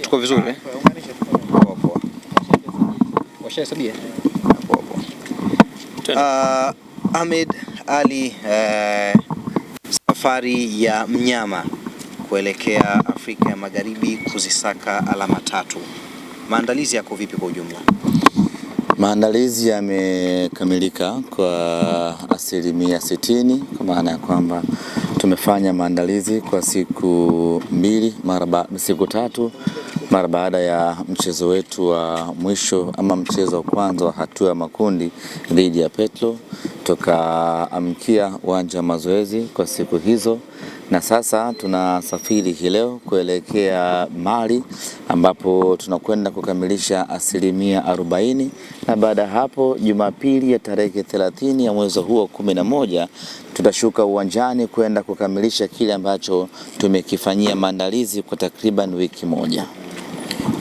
Tuko vizuri eh? Uh, Ahmed Ali uh, safari ya mnyama kuelekea Afrika ya Magharibi kuzisaka alama tatu. Maandalizi yako vipi kwa ujumla? Maandalizi yamekamilika kwa asilimia sitini kwa maana ya kwamba Tumefanya maandalizi kwa siku mbili mara ba, siku tatu mara baada ya mchezo wetu wa mwisho ama mchezo wa kwanza wa hatua ya makundi dhidi ya Petro tukaamkia uwanja wa mazoezi kwa siku hizo, na sasa tunasafiri hii leo kuelekea Mali ambapo tunakwenda kukamilisha asilimia arobaini, na baada ya hapo Jumapili ya tarehe thelathini ya mwezi huo kumi na moja tutashuka uwanjani kwenda kukamilisha kile ambacho tumekifanyia maandalizi kwa takriban wiki moja.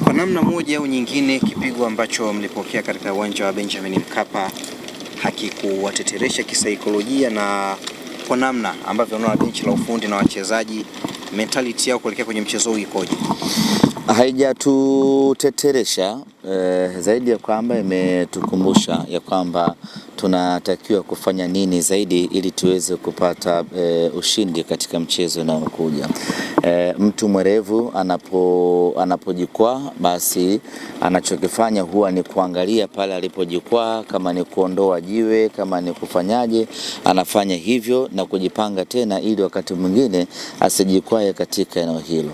Kwa namna moja au nyingine, kipigo ambacho mlipokea katika uwanja wa Benjamin Mkapa hakikuwateteresha kisaikolojia na kwa namna ambavyo unaona benchi la ufundi na wachezaji mentality yao kuelekea kwenye mchezo huu ikoje? Haijatuteteresha eh, zaidi ya kwamba imetukumbusha ya kwamba tunatakiwa kufanya nini zaidi ili tuweze kupata eh, ushindi katika mchezo unaokuja e, mtu mwerevu anapo anapojikwaa basi anachokifanya huwa ni kuangalia pale alipojikwaa, kama ni kuondoa jiwe, kama ni kufanyaje, anafanya hivyo na kujipanga tena, ili wakati mwingine asijikwae katika eneo hilo.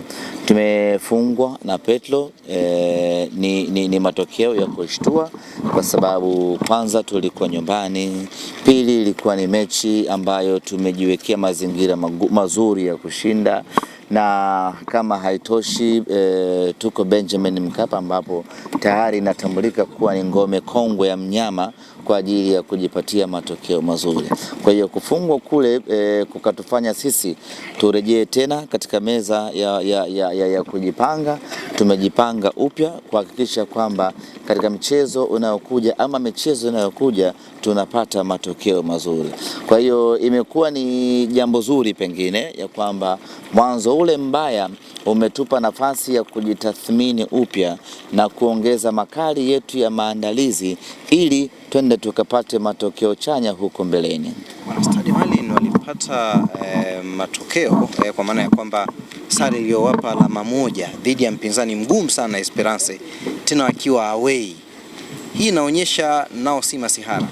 Tumefungwa na Petro e, ni, ni, ni matokeo ya kushtua kwa sababu kwanza tulikuwa nyumbani, pili ilikuwa ni mechi ambayo tumejiwekea mazingira mazuri ya kushinda na kama haitoshi e, tuko Benjamin Mkapa ambapo tayari inatambulika kuwa ni ngome kongwe ya mnyama kwa ajili ya kujipatia matokeo mazuri. Kwa hiyo kufungwa kule e, kukatufanya sisi turejee tena katika meza ya, ya, ya, ya, ya kujipanga. Tumejipanga upya kuhakikisha kwamba katika mchezo unayokuja ama michezo inayokuja tunapata matokeo mazuri. Kwa hiyo imekuwa ni jambo zuri pengine ya kwamba mwanzo ule mbaya umetupa nafasi ya kujitathmini upya na kuongeza makali yetu ya maandalizi ili twende tukapate matokeo chanya huko mbeleni. Stadi Malin walipata eh, matokeo eh, kwa maana ya kwamba sare iliyowapa alama moja dhidi ya mpinzani mgumu sana Esperance, tena akiwa away. Hii inaonyesha nao si masihara.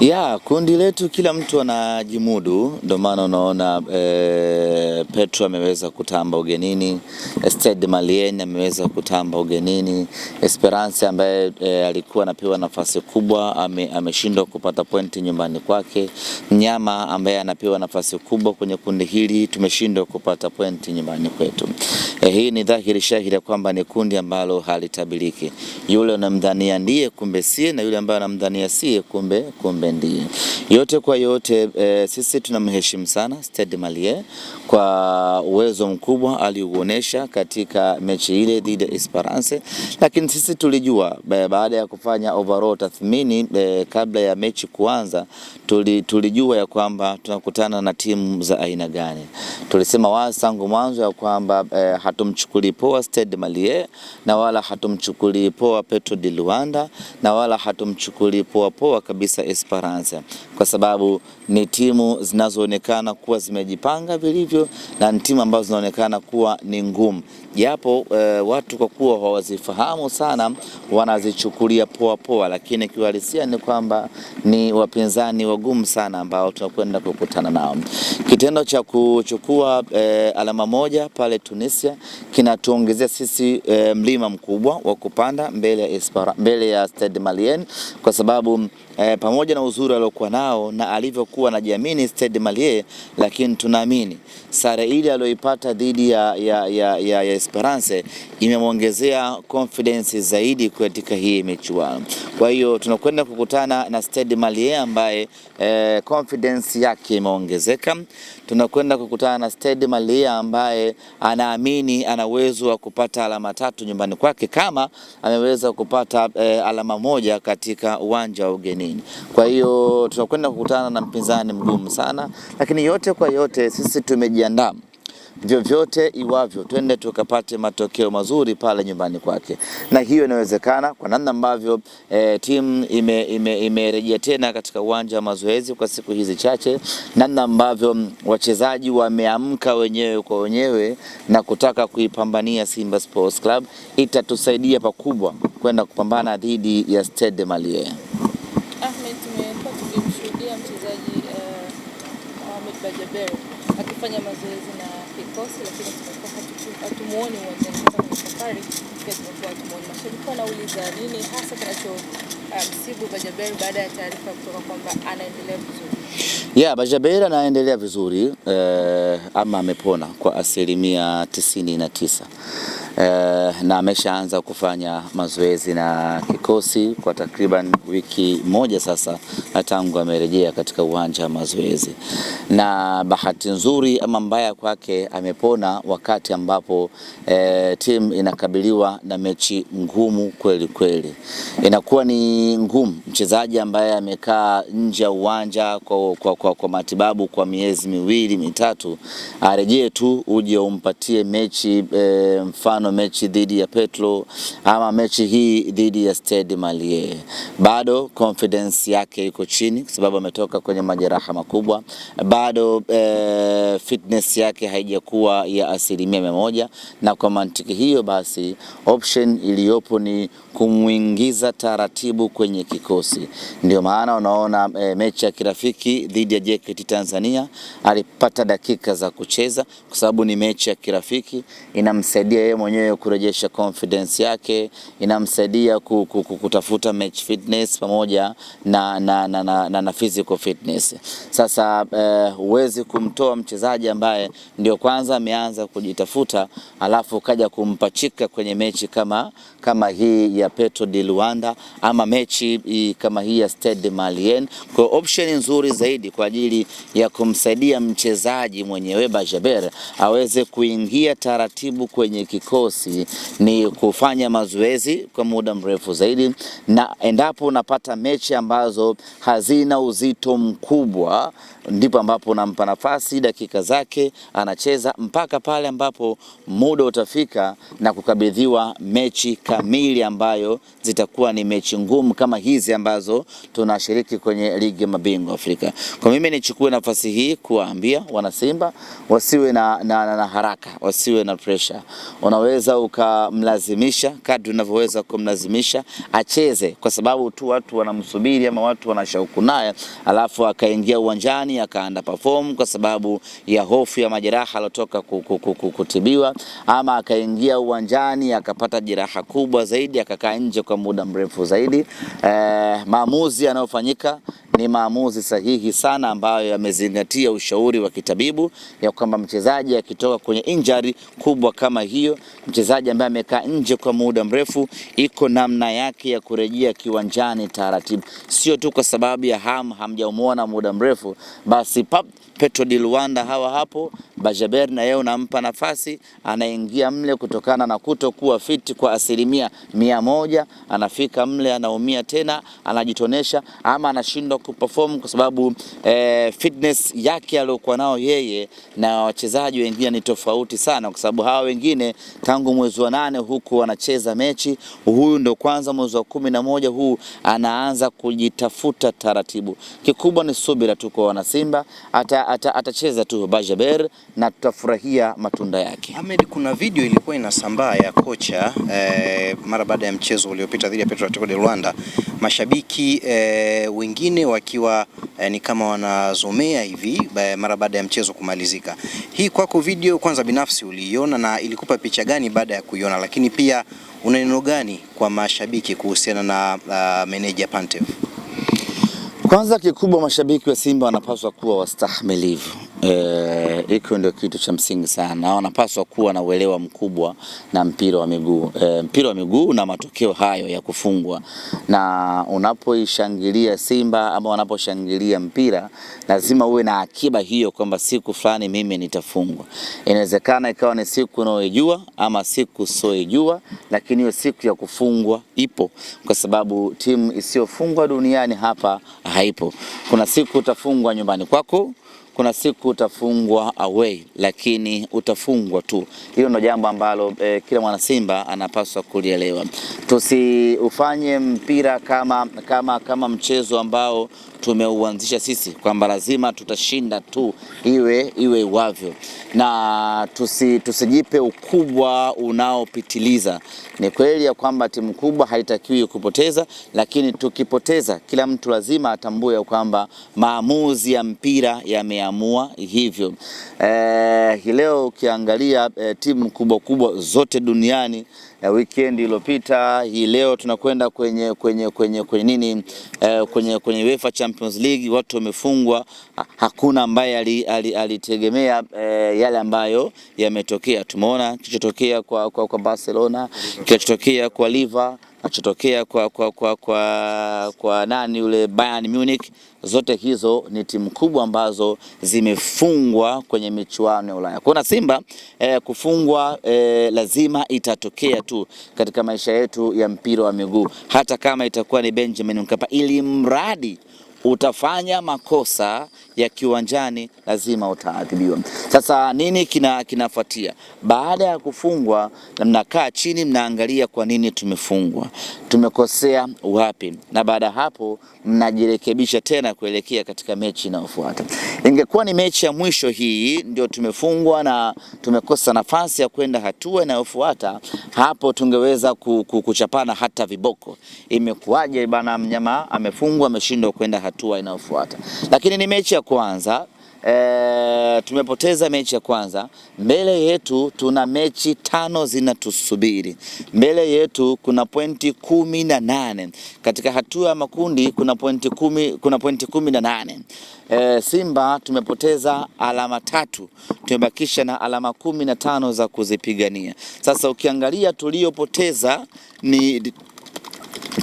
Ya kundi letu kila mtu anajimudu, ndio maana unaona e, Petro ameweza kutamba ugenini, Stade Malien ameweza kutamba ugenini, Esperance ambaye e, alikuwa anapewa nafasi kubwa ameshindwa ame kupata pointi nyumbani kwake. Mnyama ambaye anapewa nafasi kubwa kwenye kundi hili tumeshindwa kupata pointi nyumbani kwetu. E, hii ni dhahiri shahiri ya kwamba ni kundi ambalo halitabiliki. Yule unamdhania ndiye kumbe sie, na yule ambaye anamdhania sie kumbe kumbe bendi. Yote kwa yote, e, sisi tunamheshimu sana Stade Malie kwa uwezo mkubwa aliuonesha katika mechi ile dhidi ya Esperance, lakini sisi tulijua eh, baada ya kufanya overall tathmini e, kabla ya mechi kuanza tuli, tulijua ya kwamba tunakutana na timu za aina gani. Tulisema wazi tangu mwanzo ya kwamba e, hatumchukuli poa Stade Malie na wala hatumchukuli poa Petro de Luanda na wala hatumchukuli poa poa kabisa Esperance, kwa sababu ni timu zinazoonekana kuwa zimejipanga vilivyo hivyo na ni timu ambazo zinaonekana kuwa ni ngumu, japo e, watu kwa kuwa hawazifahamu sana wanazichukulia poa poa, lakini kiuhalisia ni kwamba ni wapinzani wagumu sana ambao tunakwenda kukutana nao. Kitendo cha kuchukua e, alama moja pale Tunisia kinatuongezea sisi e, mlima mkubwa wa kupanda mbele ya Stade Malien kwa sababu e, pamoja na uzuri aliokuwa nao na alivyokuwa anajiamini Stade Malie, lakini tunaamini sare ile aliyoipata dhidi ya, ya, ya, ya, ya Esperance imemwongezea confidence zaidi katika hii michuano. Kwa hiyo tunakwenda kukutana na Stade Malie ambaye e, confidence yake imeongezeka. Tunakwenda kukutana na Stade Malie ambaye anaamini ana uwezo wa kupata alama tatu nyumbani kwake kama ameweza kupata e, alama moja katika uwanja wa ugeni. Amin. Kwa hiyo tutakwenda kukutana na mpinzani mgumu sana, lakini yote kwa yote sisi tumejiandaa vyovyote iwavyo, twende tukapate matokeo mazuri pale nyumbani kwake, na hiyo inawezekana kwa namna ambavyo e, eh, timu imerejea ime, ime tena katika uwanja wa mazoezi kwa siku hizi chache, namna ambavyo wachezaji wameamka wenyewe kwa wenyewe na kutaka kuipambania Simba Sports Club, itatusaidia pakubwa kwenda kupambana dhidi ya Stade Malien. Debere akifanya mazoezi na kikosi, lakini tumekuwa hatumuoni uwanjani hasa safari pia tumekuwa hatumuoni. Mashabiki wanauliza nini hasa kinachomsibu ah, um, Debere baada ya taarifa kutoka kwamba anaendelea vizuri. Yeah, Bajabeira anaendelea vizuri eh, ama amepona kwa asilimia tisini na tisa eh, na ameshaanza kufanya mazoezi na kikosi kwa takriban wiki moja sasa tangu amerejea katika uwanja wa mazoezi, na bahati nzuri ama mbaya kwake amepona wakati ambapo eh, timu inakabiliwa na mechi ngumu kweli kweli. Inakuwa ni ngumu mchezaji ambaye amekaa nje ya uwanja kwa kwa, kwa, kwa, matibabu kwa miezi miwili mitatu, arejee tu uje umpatie mechi e, mfano mechi dhidi ya Petro ama mechi hii dhidi ya Stade Malie. Bado confidence yake iko chini kwa sababu ametoka kwenye majeraha makubwa, bado e, fitness yake haijakuwa ya asilimia mia moja, na kwa mantiki hiyo basi option iliyopo ni kumwingiza taratibu kwenye kikosi, ndio maana unaona e, mechi ya kirafiki Mashariki dhidi ya JKT Tanzania alipata dakika za kucheza kwa sababu ni mechi ya kirafiki, inamsaidia yeye mwenyewe kurejesha confidence yake, inamsaidia kutafuta match fitness pamoja na, na, na, na, na, na physical fitness. Sasa eh, huwezi uh, kumtoa mchezaji ambaye ndio kwanza ameanza kujitafuta alafu ukaja kumpachika kwenye mechi kama, kama hii ya Petro di Luanda ama mechi kama hii ya Stade Malien. Kwa option nzuri zaidi kwa ajili ya kumsaidia mchezaji mwenyewe Bajaber aweze kuingia taratibu kwenye kikosi, ni kufanya mazoezi kwa muda mrefu zaidi, na endapo unapata mechi ambazo hazina uzito mkubwa ndipo ambapo nampa nafasi dakika zake, anacheza mpaka pale ambapo muda utafika na kukabidhiwa mechi kamili ambayo zitakuwa ni mechi ngumu kama hizi ambazo tunashiriki kwenye ligi ya mabingwa Afrika. Kwa mimi nichukue nafasi hii kuwaambia wanasimba wasiwe na, na, na, na haraka, wasiwe na pressure. Unaweza ukamlazimisha kadri unavyoweza kumlazimisha acheze, kwa sababu tu watu wanamsubiri ama watu wanashauku naye, alafu akaingia uwanjani Jimmy aka underperform kwa sababu ya hofu ya majeraha alotoka kutibiwa, ama akaingia uwanjani akapata jeraha kubwa zaidi akakaa nje kwa muda mrefu zaidi. Eh, maamuzi yanayofanyika ni maamuzi sahihi sana ambayo yamezingatia ushauri wa kitabibu ya kwamba mchezaji akitoka kwenye injury kubwa kama hiyo, mchezaji ambaye amekaa nje kwa muda mrefu, iko namna yake ya kurejea kiwanjani taratibu, sio tu kwa sababu ya ham hamjamuona muda mrefu basi Petro di Luanda hawa hapo, Bajaber na yeye unampa nafasi, anaingia mle kutokana na kutokuwa fiti kwa asilimia mia moja. Anafika mle anaumia tena, anajitonesha ama anashindwa kuperform kwa sababu eh, fitness yake aliyokuwa nao yeye na wachezaji wengine ni tofauti sana, kwa sababu hawa wengine tangu mwezi wa nane huku wanacheza mechi, huyu ndo kwanza mwezi wa kumi na moja huu anaanza kujitafuta taratibu. Kikubwa ni subira tu kwa wanasi Simba atacheza ata, ata tu Bajaber na tutafurahia matunda yake. Ahmed, kuna video ilikuwa inasambaa ya kocha eh, mara baada ya mchezo uliopita dhidi ya Petro Atletico de Luanda, mashabiki eh, wengine wakiwa eh, ni kama wanazomea hivi eh, mara baada ya mchezo kumalizika. Hii kwako video kwanza, binafsi uliiona na ilikupa picha gani baada ya kuiona, lakini pia una neno gani kwa mashabiki kuhusiana na uh, meneja Pantev? Kwanza kikubwa, mashabiki wa Simba wanapaswa kuwa wastahimilivu. Eh, hiko e, ndio kitu cha msingi sana, na wanapaswa kuwa na uelewa mkubwa na mpira wa miguu e, mpira wa miguu na matokeo hayo ya kufungwa. Na unapoishangilia Simba ama wanaposhangilia mpira, lazima uwe na akiba hiyo kwamba siku fulani mimi nitafungwa. Inawezekana ikawa ni siku unaoijua ama siku usioijua, lakini hiyo siku ya kufungwa ipo, kwa sababu timu isiyofungwa duniani hapa haipo. Kuna siku utafungwa nyumbani kwako kuna siku utafungwa away, lakini utafungwa tu. Hilo ndo jambo ambalo eh, kila mwana Simba anapaswa kulielewa. Tusiufanye mpira kama, kama, kama mchezo ambao tumeuanzisha sisi kwamba lazima tutashinda tu, iwe iwe iwavyo, na tusi, tusijipe ukubwa unaopitiliza. Ni kweli ya kwamba timu kubwa haitakiwi kupoteza, lakini tukipoteza, kila mtu lazima atambue kwamba maamuzi ya mpira yameamua hivyo. Eh, leo ukiangalia eh, timu kubwa kubwa zote duniani eh, weekend iliyopita, hii leo tunakwenda kwenye kwenye kwenye kwenye nini eh, kwenye kwenye UEFA Champions League watu wamefungwa, hakuna ambaye alitegemea ali, ali eh, yale ambayo yametokea. Tumeona kilichotokea kwa, kwa, kwa Barcelona, kilichotokea kwa Liverpool nachotokea kwa, kwa, kwa, kwa, kwa nani yule Bayern Munich. Zote hizo ni timu kubwa ambazo zimefungwa kwenye michuano ya Ulaya. Kuna Simba eh, kufungwa eh, lazima itatokea tu katika maisha yetu ya mpira wa miguu, hata kama itakuwa ni Benjamin Mkapa, ili mradi utafanya makosa ya kiwanjani lazima utaadhibiwa. Sasa nini kina, kinafuatia baada ya kufungwa? Mnakaa chini mnaangalia kwa nini tumefungwa, tumekosea wapi, na baada hapo mnajirekebisha tena kuelekea katika mechi inayofuata. Ingekuwa ni mechi ya mwisho hii ndio tumefungwa na tumekosa nafasi ya kwenda hatua inayofuata, hapo tungeweza kuchapana hata viboko, imekuwaje bana, mnyama amefungwa ameshindwa kwenda hatua inayofuata, lakini ni mechi ya kwanza e, tumepoteza mechi ya kwanza. Mbele yetu tuna mechi tano zinatusubiri. Mbele yetu kuna pointi kumi na nane katika hatua ya makundi, kuna pointi kumi, kuna pointi kumi na nane. E, Simba tumepoteza alama tatu, tumebakisha na alama kumi na tano za kuzipigania. Sasa ukiangalia tuliyopoteza ni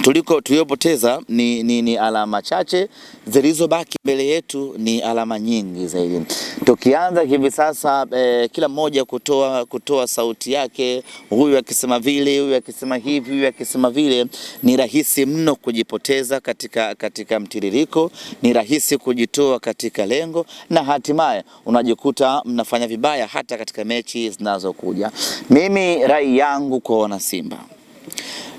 tuliko tuliopoteza ni, ni, ni alama chache, zilizobaki mbele yetu ni alama nyingi zaidi. Tukianza hivi sasa eh, kila mmoja kutoa, kutoa sauti yake, huyu akisema vile, huyu akisema hivi, huyu akisema vile, ni rahisi mno kujipoteza katika, katika mtiririko, ni rahisi kujitoa katika lengo, na hatimaye unajikuta mnafanya vibaya hata katika mechi zinazokuja. Mimi rai yangu kwa wana Simba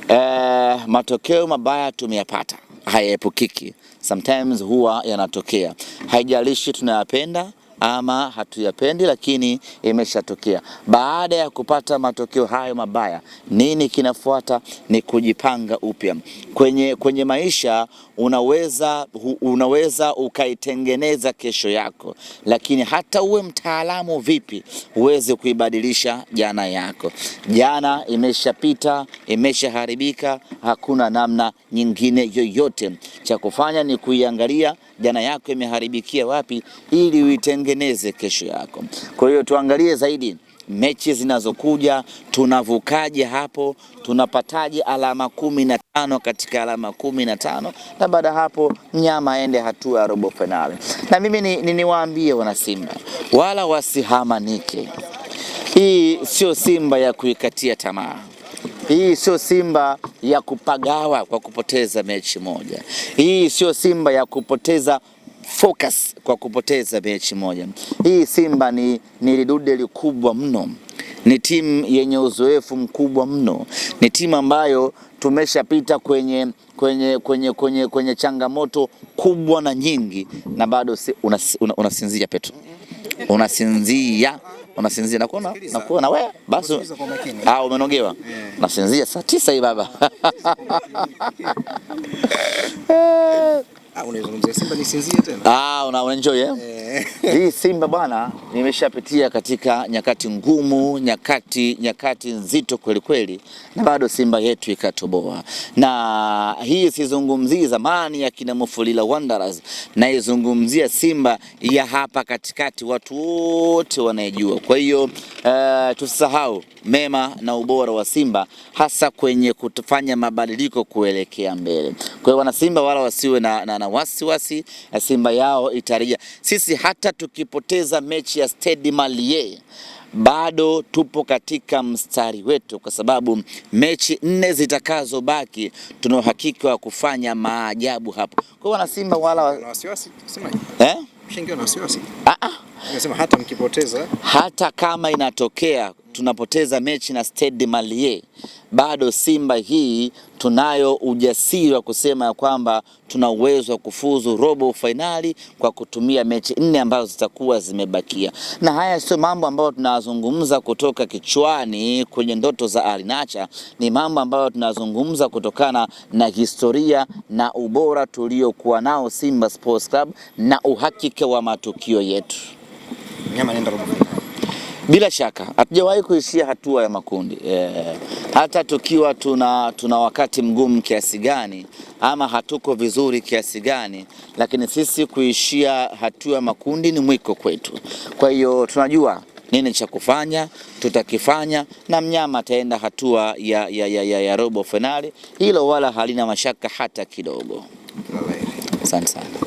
Eh, matokeo mabaya tumeyapata, hayaepukiki. Sometimes huwa yanatokea, haijalishi tunayapenda ama hatuyapendi, lakini imeshatokea. Baada ya kupata matokeo hayo mabaya, nini kinafuata? Ni kujipanga upya kwenye, kwenye maisha unaweza, unaweza ukaitengeneza kesho yako, lakini hata uwe mtaalamu vipi, huwezi kuibadilisha jana yako. Jana imeshapita, imeshaharibika, hakuna namna nyingine yoyote. Cha kufanya ni kuiangalia jana yako imeharibikia wapi, ili uitengeneze kesho yako. Kwa hiyo tuangalie zaidi mechi zinazokuja tunavukaje hapo, tunapataje alama kumi na tano katika alama kumi na tano na baada hapo mnyama aende hatua ya robo fainali. Na mimi niniwaambie ni, ni wanasimba wala wasihamanike. Hii sio Simba ya kuikatia tamaa, hii sio Simba ya kupagawa kwa kupoteza mechi moja, hii sio Simba ya kupoteza focus kwa kupoteza mechi moja. Hii Simba ni, ni lidude likubwa mno, ni timu yenye uzoefu mkubwa mno, ni timu ambayo tumeshapita kwenye, kwenye, kwenye, kwenye, kwenye changamoto kubwa na nyingi na bado si, unasinzia una, una Petro, unasinzia unasinzia nakuona nakuona wewe basi, ah, umenongewa yeah. Nasinzia saa tisa hii baba Ah, ah, una enjoy eh? eh? Hii Simba bwana, nimeshapitia katika nyakati ngumu, nyakati nyakati nzito kweli kweli, na bado Simba yetu ikatoboa. Na hii sizungumzii zamani ya kina Mufulira Wanderers, naizungumzia Simba ya hapa katikati, watu wote wanaijua. Kwa hiyo uh, tusisahau mema na ubora wa Simba hasa kwenye kufanya mabadiliko kuelekea mbele. Kwa hiyo wana Simba wala wasiwe na, na, na na wasiwasi na Simba yao itarejea. Sisi hata tukipoteza mechi ya Stade Malie bado tupo katika mstari wetu, kwa sababu mechi nne zitakazobaki tuna uhakika wa kufanya maajabu hapo. Kwa wana Simba wala wasiwasi eh? Ah, ah. Hata mkipoteza, hata kama inatokea tunapoteza mechi na Stade Malie, bado Simba hii tunayo ujasiri wa kusema ya kwamba tuna uwezo wa kufuzu robo fainali kwa kutumia mechi nne ambazo zitakuwa zimebakia. Na haya sio mambo ambayo tunazungumza kutoka kichwani kwenye ndoto za Alinacha, ni mambo ambayo tunazungumza kutokana na historia na ubora tuliokuwa nao Simba Sports Club na uhakika wa matukio yetu. Nyama nenda robo fainali. Bila shaka hatujawahi kuishia hatua ya makundi e, hata tukiwa tuna, tuna wakati mgumu kiasi gani ama hatuko vizuri kiasi gani, lakini sisi kuishia hatua ya makundi ni mwiko kwetu. Kwa hiyo tunajua nini cha kufanya, tutakifanya na mnyama ataenda hatua ya, ya, ya, ya, ya robo fainali. Hilo wala halina mashaka hata kidogo. Asante sana.